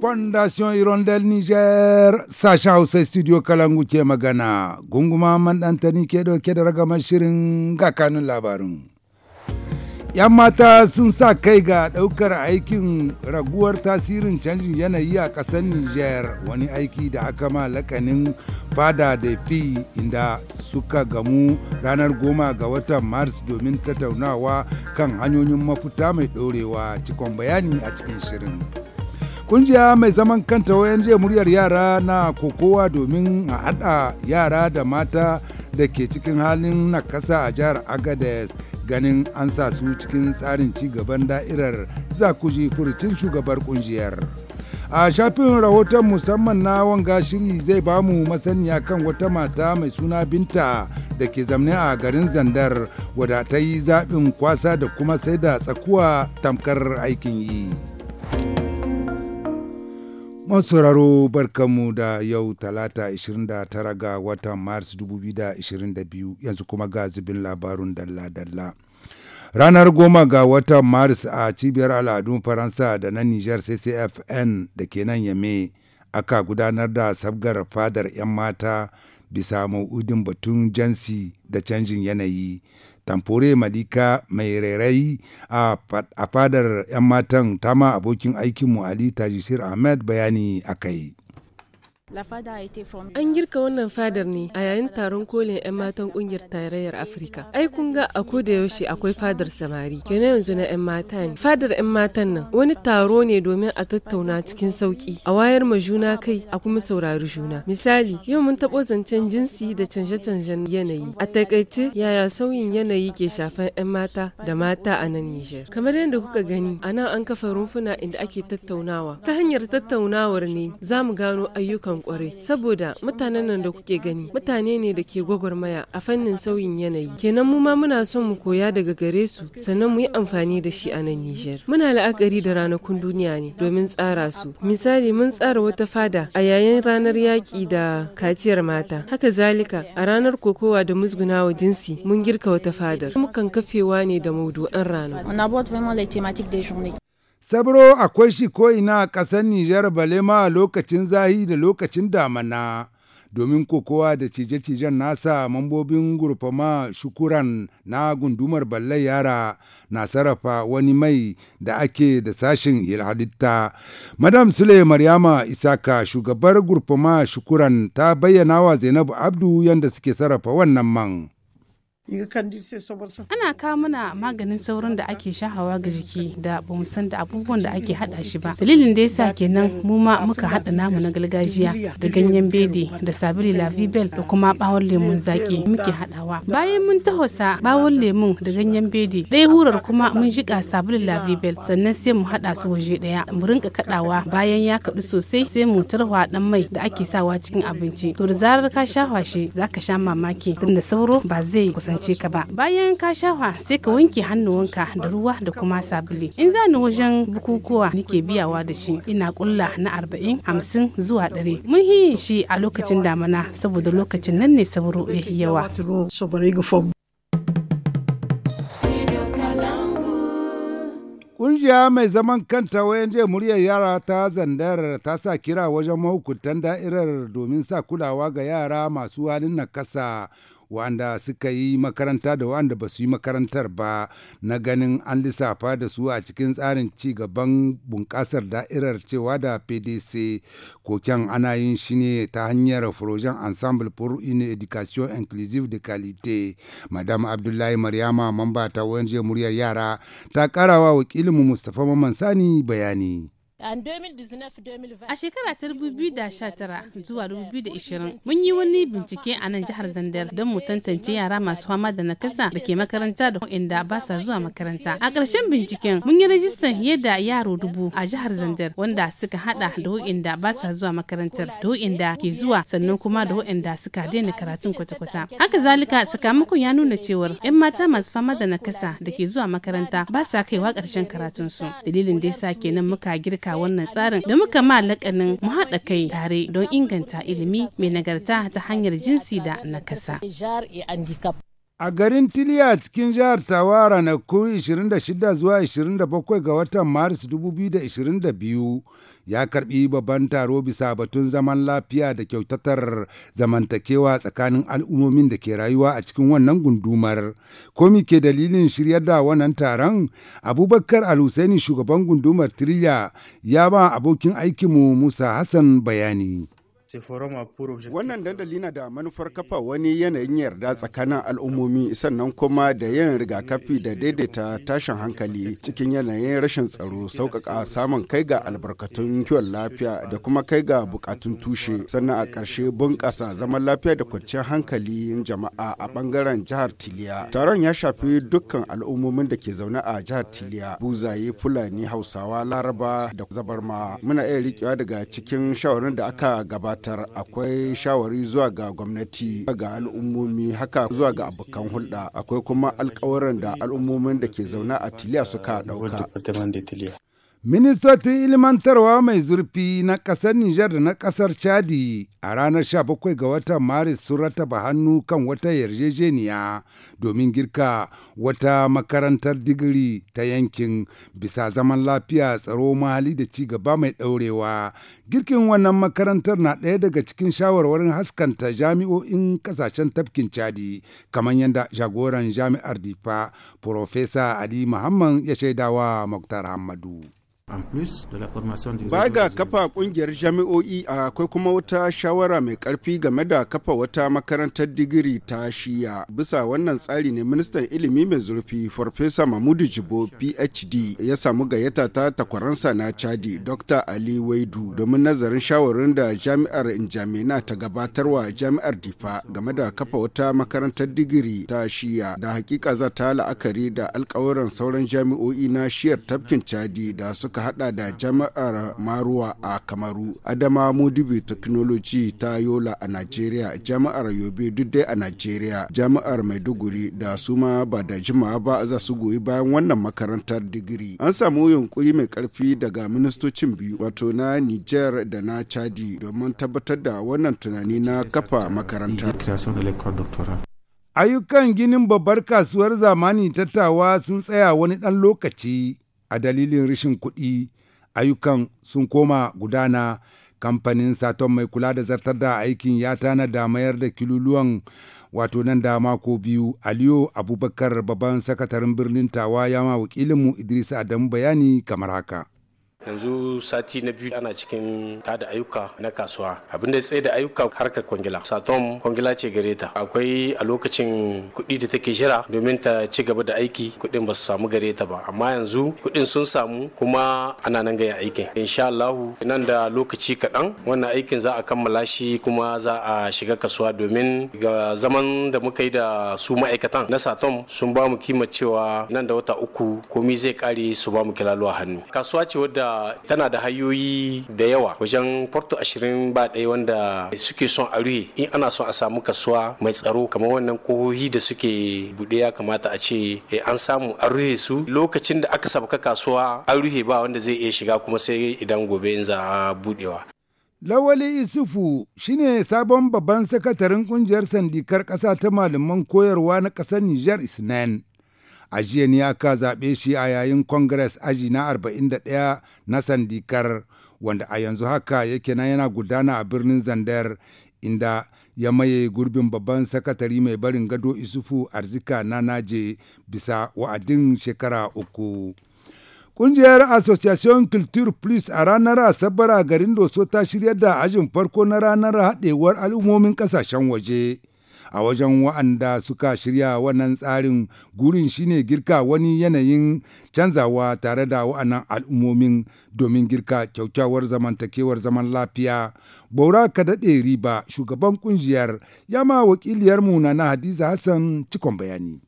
fondation irondel niger sacha hausa studio kalangu ke magana gunguma tani ke kedo, da ragamar shirin ga labarin yan mata sun sa kai ga daukar aikin raguwar tasirin canjin yanayi a ƙasar niger wani aiki da aka ma lakanin fada da fi inda suka gamu ranar goma ga watan Mars domin tattaunawa kan hanyoyin mafuta mai ɗorewa cikon bayani a cikin shirin. Kungiya mai zaman kanta ONG muryar yara na kokowa domin a haɗa yara da mata da ke cikin halin nakasa a jihar Agadez ganin an sa su cikin tsarin ci gaban da'irar za ku ji furucin shugabar kungiyar. a shafin rahoton musamman na wanga shiri zai ba mu masaniya kan wata mata mai suna binta da ke zamne a garin zandar wadda ta yi zaɓin kwasa da kuma sai da tsakuwa tamkar aikin yi masauraro barkanmu da yau talata 29 ga watan mars 2022 yanzu kuma ga zubin labarun dalla-dalla Ranar goma ga watan Maris a cibiyar al'adun Faransa da na Nijar CCFN da ke nan Yame aka gudanar da sabgar fadar 'yan mata bisa ma'udin batun jansi da canjin yanayi. Tamfore Malika mai rairayi a fadar 'yan matan tama abokin aikinmu Ali Tajisir Ahmed bayani a kai. An girka wannan fadar ne a yayin taron kolin 'yan matan kungiyar tarayyar Afirka. Ai kun ga a ko da yaushe akwai fadar samari. na yanzu na 'yan mata ne. Fadar 'yan matan nan wani taro ne domin a tattauna cikin sauki, a wayar ma juna kai, a kuma saurari juna. Misali, yau mun taɓo zancen jinsi da canje-canjen yanayi. A takaice, yaya sauyin yanayi ke shafan 'yan mata da mata a nan Nijar. Kamar yadda kuka gani, a nan an kafa rumfuna inda ake tattaunawa. Ta hanyar tattaunawar ne za mu gano ayyukan kwarai saboda mutanen nan da kuke gani mutane ne da ke gwagwarmaya a fannin sauyin yanayi kenan mu ma muna son mu koya daga gare su sannan mu yi amfani da shi a nan Nijar muna la'akari da ranakun duniya ne domin tsara su misali mun tsara wata fada a yayin ranar yaƙi da kaciyar mata haka zalika a ranar kokowa da musgunawa jinsi mun girka wata fadar mukan kafewa ne da maudu'an ranar Sabro akwai shi ko'ina a ƙasar Nijar balema lokacin zahi da lokacin damana. Domin kokowa da cije-cijen nasa mambobin gurfama shukuran na gundumar ballai yara na sarrafa wani mai da ake da sashin halitta. Madam Sule Maryama Isaka shugabar gurfama shukuran ta bayyana wa Zainabu Abdu yadda suke sarrafa wannan man. ana kawo mana maganin saurin da ake shahawa ga jiki da bamu san da abubuwan da ake hada shi ba dalilin da yasa kenan mu ma muka hada namu na gargajiya da ganyen bede da sabili vibel da kuma bawon lemun zaki muke hadawa bayan mun tahosa bawon lemun da ganyen bede dai hurar kuma mun jika la vibel sannan sai mu hada su waje daya mu rinka kadawa bayan ya kadu sosai sai mu tarwa dan mai da ake sawa cikin abinci to da zarar ka shafa shi zaka sha mamaki tunda sauro ba zai kusa kasance ka ba bayan ka shafa sai ka wanke hannuwanka da ruwa da kuma sabulu in za ni wajen bukukuwa nake biyawa da shi ina kulla na arba'in hamsin zuwa ɗari mun yi shi a lokacin damana saboda lokacin nan ne saburo ya yawa Ƙungiya mai zaman kanta wayan jiya muryar yara ta zandar ta sa kira wajen mahukuntan da'irar domin sa kulawa ga yara masu halin nakasa wanda suka yi makaranta da wanda ba su yi makarantar ba na ganin an lissafa da su a cikin tsarin ci gaban bunƙasar da'irar cewa da pdc koken ana yin shi ne ta hanyar furojen ensemble pour une education inclusive de qualité madam abdullahi maryama mamba ta wajen muryar yara ta karawa wakilinmu mustapha mamman sani bayani A shekara ta 2019 zuwa 2020 mun yi wani bincike a nan jihar Zandar don mu tantance yara masu fama da nakasa da ke makaranta da inda ba sa zuwa makaranta. A ƙarshen binciken mun yi rajistan fiye da yaro dubu a jihar Zandar wanda suka hada da inda ba sa zuwa makarantar da inda ke zuwa sannan kuma da inda suka daina karatun kwata-kwata. Haka zalika sakamakon ya nuna cewar 'yan mata masu fama da nakasa da ke zuwa makaranta ba sa kaiwa ƙarshen karatunsu. Dalilin da sa kenan muka girka wannan tsarin da muka ma lakanin mu haɗa kai tare don inganta ilimi mai nagarta ta hanyar jinsi da nakasa. A garin Tiliya cikin jihar Tawa ranakun 26 zuwa 27 ga watan Maris 2022 ya karbi babban taro bisa batun zaman lafiya da kyautatar zamantakewa tsakanin al'ummomin da ke rayuwa a cikin wannan gundumar. Komi ke dalilin shirya da wannan taron? Abubakar Alhusaini shugaban gundumar Tiriya ya ba abokin aikinmu Musa Hassan bayani. Wannan euh, dandali na da manufar kafa wani yanayin yarda tsakanin al'ummomi sannan kuma da yin rigakafi da daidaita tashin hankali cikin yanayin rashin tsaro sauƙaƙa samun kai ga albarkatun kiwon lafiya da kuma kai ga buƙatun tushe sannan a ƙarshe bunƙasa zaman lafiya da kwanciyar hankali jama'a a ɓangaren jihar Tiliya. Taron ya shafi dukkan al'ummomin da ke zaune a jihar Tiliya, Buzaye, Fulani, Hausawa, Laraba da Zabarma. Muna iya riƙewa daga cikin shawarar da aka gabata. aiwatar akwai shawari zuwa ga gwamnati ga al'ummomi haka zuwa ga abokan hulɗa akwai kuma alƙawarin da al'ummomin da ke zauna a tiliya suka ɗauka. Ministocin ilmantarwa mai zurfi na ƙasar Nijar da na ƙasar Chadi a ranar 17 ga watan Maris sun rataba hannu kan wata yarjejeniya domin girka wata makarantar digiri ta yankin bisa zaman lafiya tsaro mahali da ci gaba mai ɗaurewa Girkin wannan makarantar na ɗaya daga cikin shawarwarin haskanta jami'o'in ƙasashen tafkin Chadi, kamar yadda jagoran jami'ar Difa, Profesa Ali Muhammad ya shaidawa Muktar Hamadu. Ba ga kafa kungiyar jami'o'i akwai kuma wata shawara mai karfi game da kafa wata makarantar digiri ta shiya. Bisa wannan tsari ne ministan ilimi mai zurfi Farfesa Mahmudu Jibo PhD ya samu gayyata ta takwaransa na Chadi Dr. Ali Waidu domin nazarin shawarin da jami'ar injamina ta gabatarwa jami'ar Difa game da kafa wata makarantar digiri ta shiya da hakika za ta la'akari da alkawuran sauran jami'o'i na shiyar tafkin Chadi da suka hada da jama'ar maruwa a kamaru adama Modibi technology ta yola a nigeria jama'ar yobe duk dai a nigeria jama'ar maiduguri da suma ba da jima'a ba za su goyi bayan wannan makarantar digiri an samu yunkuri mai karfi daga ministocin biyu wato na niger da na chadi domin tabbatar da wannan tunani na kafa makaranta ayyukan ginin babbar kasuwar zamani tattawa sun tsaya wani ɗan lokaci a dalilin rashin kuɗi ayyukan sun koma gudana kamfanin saton mai kula da zartar da aikin ya tana da mayar da kiluluwan wato nan da mako biyu aliyu abubakar babban sakataren birnin tawa ya ma wakilinmu idris adamu bayani kamar haka yanzu sati na biyu ana cikin tada ayyuka na kasuwa abin da tsaye da ayyuka harkar kwangila satom kwangila ce gare ta akwai a lokacin kuɗi da take shira domin ta ci gaba da aiki kuɗin ba su samu gare ta ba amma yanzu kuɗin sun samu kuma ana nan ga aikin insha Allah nan da lokaci kaɗan wannan aikin za a kammala shi kuma za a shiga kasuwa domin ga zaman da muka yi da su ma'aikatan na satom sun ba mu kima cewa nan da wata uku komi zai kare su ba mu kilaluwa hannu kasuwa ce wadda tana da hanyoyi da yawa wajen porto ashirin ba ɗaya wanda suke son a ruhe in ana son a samu kasuwa mai tsaro kamar wannan kohohi da suke buɗe ya kamata a ce eh, an samu a ruhe su lokacin da aka sabka kasuwa an ruhe ba wanda zai iya shiga kuma sai idan gobe in za a buɗewa. Lawali Isufu shine sabon babban sakataren kungiyar sandikar ƙasa ta malaman koyarwa na ƙasar Nijar Isnan. E a jiya ne aka zaɓe shi a yayin congress aji na 41 na sandikar wanda a yanzu haka yake nan yana gudana a birnin zandar inda ya maye gurbin babban sakatari mai barin gado isufu arzika na naje bisa wa'adin shekara uku Ƙungiyar Association Culture police a ranar Asabar a garin Doso ta shirya da ajin farko na ranar haɗewar al'ummomin ƙasashen waje. a wajen wa'anda suka shirya wannan tsarin gurin shine girka wani yanayin canzawa tare da wa'annan al'ummomin domin girka kyaukyawar zamantakewar zaman lafiya baura ka daɗe riba shugaban kungiyar ya ma wakiliyarmu na hadiza hassan cikon bayani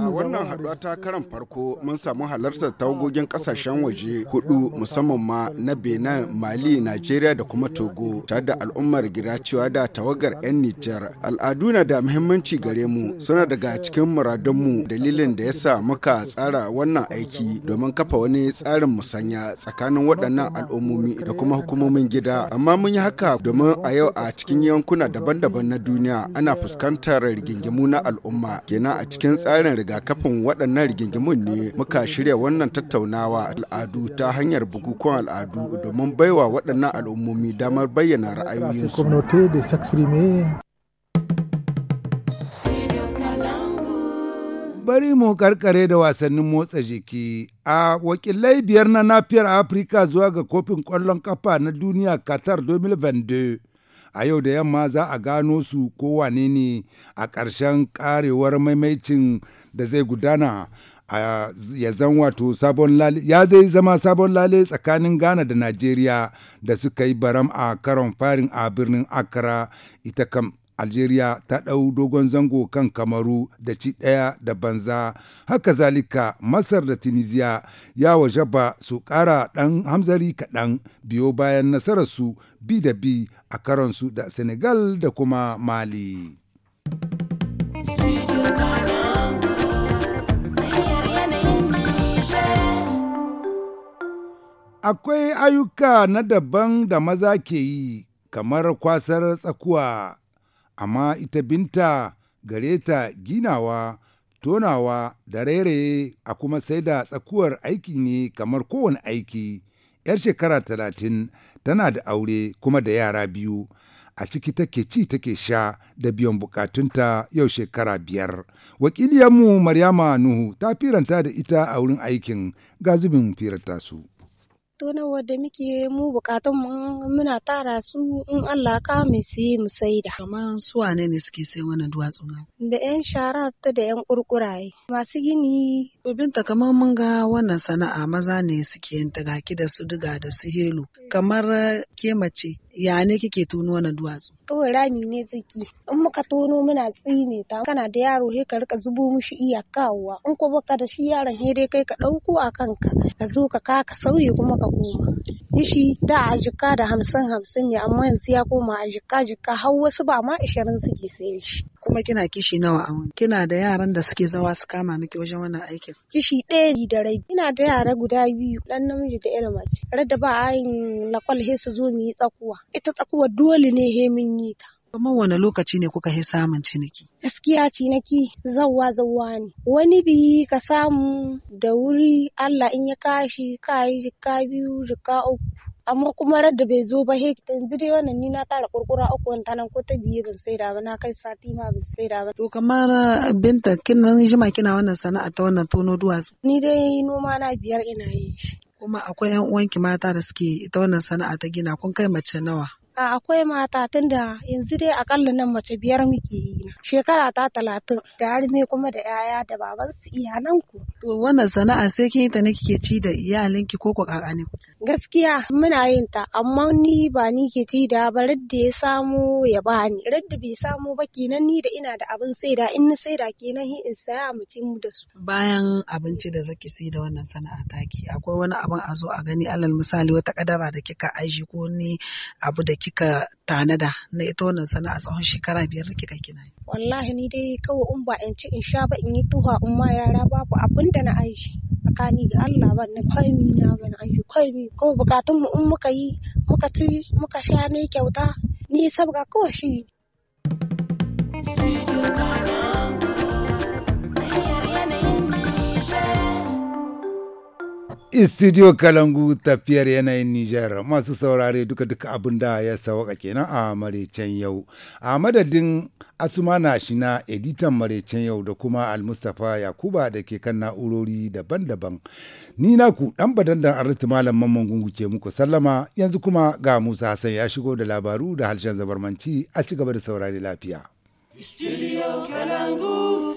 A wannan haɗuwa ta karan farko mun samu halartar tawagogin ƙasashen waje hudu musamman ma na Benin, Mali, Najeriya da kuma Togo tare da al'ummar gida cewa da tawagar 'yan Nijar. Al'adu na da muhimmanci gare mu suna daga cikin muradunmu dalilin da ya sa muka tsara wannan aiki domin kafa wani tsarin musanya tsakanin waɗannan al'ummomi da kuma hukumomin gida. Amma mun yi haka domin a yau a cikin yankuna daban-daban na duniya ana fuskantar rigingimu na al'umma. kenan a cikin tsarin rigakafin waɗannan rigingimun ne muka shirya wannan tattaunawa al'adu ta hanyar bukukuwan al'adu domin baiwa waɗannan al'ummomi damar bayyana ra'ayoyinsu. bari mu karkare da wasannin motsa jiki a wakilai biyar na nafiyar afirka zuwa ga kofin kwallon kafa na duniya qatar 2022 a yau da yamma za a gano su kowane ne a ƙarshen karewar maimaicin da zai gudana ya zan wato sabon lale ya zai zama sabon lale tsakanin ghana da najeriya da suka yi baram a karon farin a birnin akara ita kam algeria ta ɗau dogon zango kan kamaru da ci ɗaya da banza haka zalika masar da tunisia ya waje ba su ƙara ɗan hamzari kaɗan biyo bayan nasararsu bi da bi a karonsu da senegal da kuma mali akwai ayyuka na daban da maza ke yi kamar kwasar tsakuwa amma ita binta gare ta ginawa tonawa da rairaye a kuma sai da tsakuwar aiki ne kamar kowane aiki yar shekara talatin tana da aure kuma da yara biyu a ciki take ci take sha da biyan bukatunta yau shekara biyar wakiliyarmu maryama nuhu ta firanta da ita a wurin aikin ga zubin firanta su tonon da muke mu bukatun muna tara su in Allah ka mu sai mu saida. amma su wane ne suke sai wannan duwatsu na? Da yan shara ta da yan kurkuraye. Masu gini. To binta kamar mun ga wannan sana'a maza ne suke yin ta gaki da su diga da su helo, Kamar ke mace ya ne kike tuno wannan duwatsu? kawai rami ne zaki in muka tono muna tsine ta kana da yaro he ka rika zubo mishi iya kawowa in ko baka da shi yaron he dai kai ka dauko a kanka ka zo ka ka sauye kuma ka koma shi da a jika da hamsin hamsin ne amma yanzu ya koma a jika jika har wasu ba ma ishirin suke sayen shi kuma kina kishi nawa a wani kina da yaran da suke zawa su kama miki wajen wannan aikin kishi ɗaya ni da rai ina da yara guda biyu ɗan namiji da irin mace da ba ayin lakwal he su zo mu yi tsakuwa ita tsakuwa dole ne he mun yi ta kamar wani lokaci ne kuka yi samun ciniki? Gaskiya ciniki zawa zawa ne. Wani bi ka samu da wuri Allah in ya kashi ka yi jika biyu jika uku. amma kuma da bai zo ba he yanzu dai wannan ni na tara kurkura uku wani nan ko ta biye ban da ba na kai sati ma ban da ba. To kamar eh, binta kina jima kina wannan sana'a ta wannan tono duwatsu. Ni dai noma na biyar ina yi. Kuma akwai 'yan uwanki mata da suke ita wannan sana'a ta gina kun kai mace nawa? A akwai mata tunda yanzu dai akalla nan mace biyar muke yi Shekara ta talatin da harme kuma da 'ya'ya da baban babansu iyalan ku. To wannan sana'a sai kin yi ta ne kike ci da iyalinki ko ko kakani. Gaskiya muna yin ta amma ni ba ni ke ci da ba radda ya samu ya bani. Radda bai samu ba kenan ni da ina da abin saida in na saida kenan hi in saya mu ci mu da su. Bayan abinci da zaki sai da wannan sana'a taki akwai wani abin a zo a gani alal misali wata kadara da kika aji ko ni abu da kika kika tanada na ita wannan sana'a tsawon shekara biyar da kika kina yi? Wallahi ni dai kawai in ba in ci in sha ba in yi tuha in ma yara babu abin da na aishi. Tsakani ga Allah ba na kwami na ba na aishi kwami kuma bukatun mu in muka yi muka ci muka sha ne kyauta ni sabga kawai shi. Studio Kalangu tafiyar yanayin Nijar masu saurare duka duka abin da ya sawaka kenan a maraicen yau. A madadin Asumana Shina editan maraicen yau da kuma Almustapha Yakuba da ke kan na'urori daban-daban. Ni na naku dan badandan arziki malam mamman gungu ke muku sallama yanzu kuma ga Musa Hassan ya shigo da labaru da harshen zabarmanci a ci gaba da saurari lafiya. Studio Kalangu.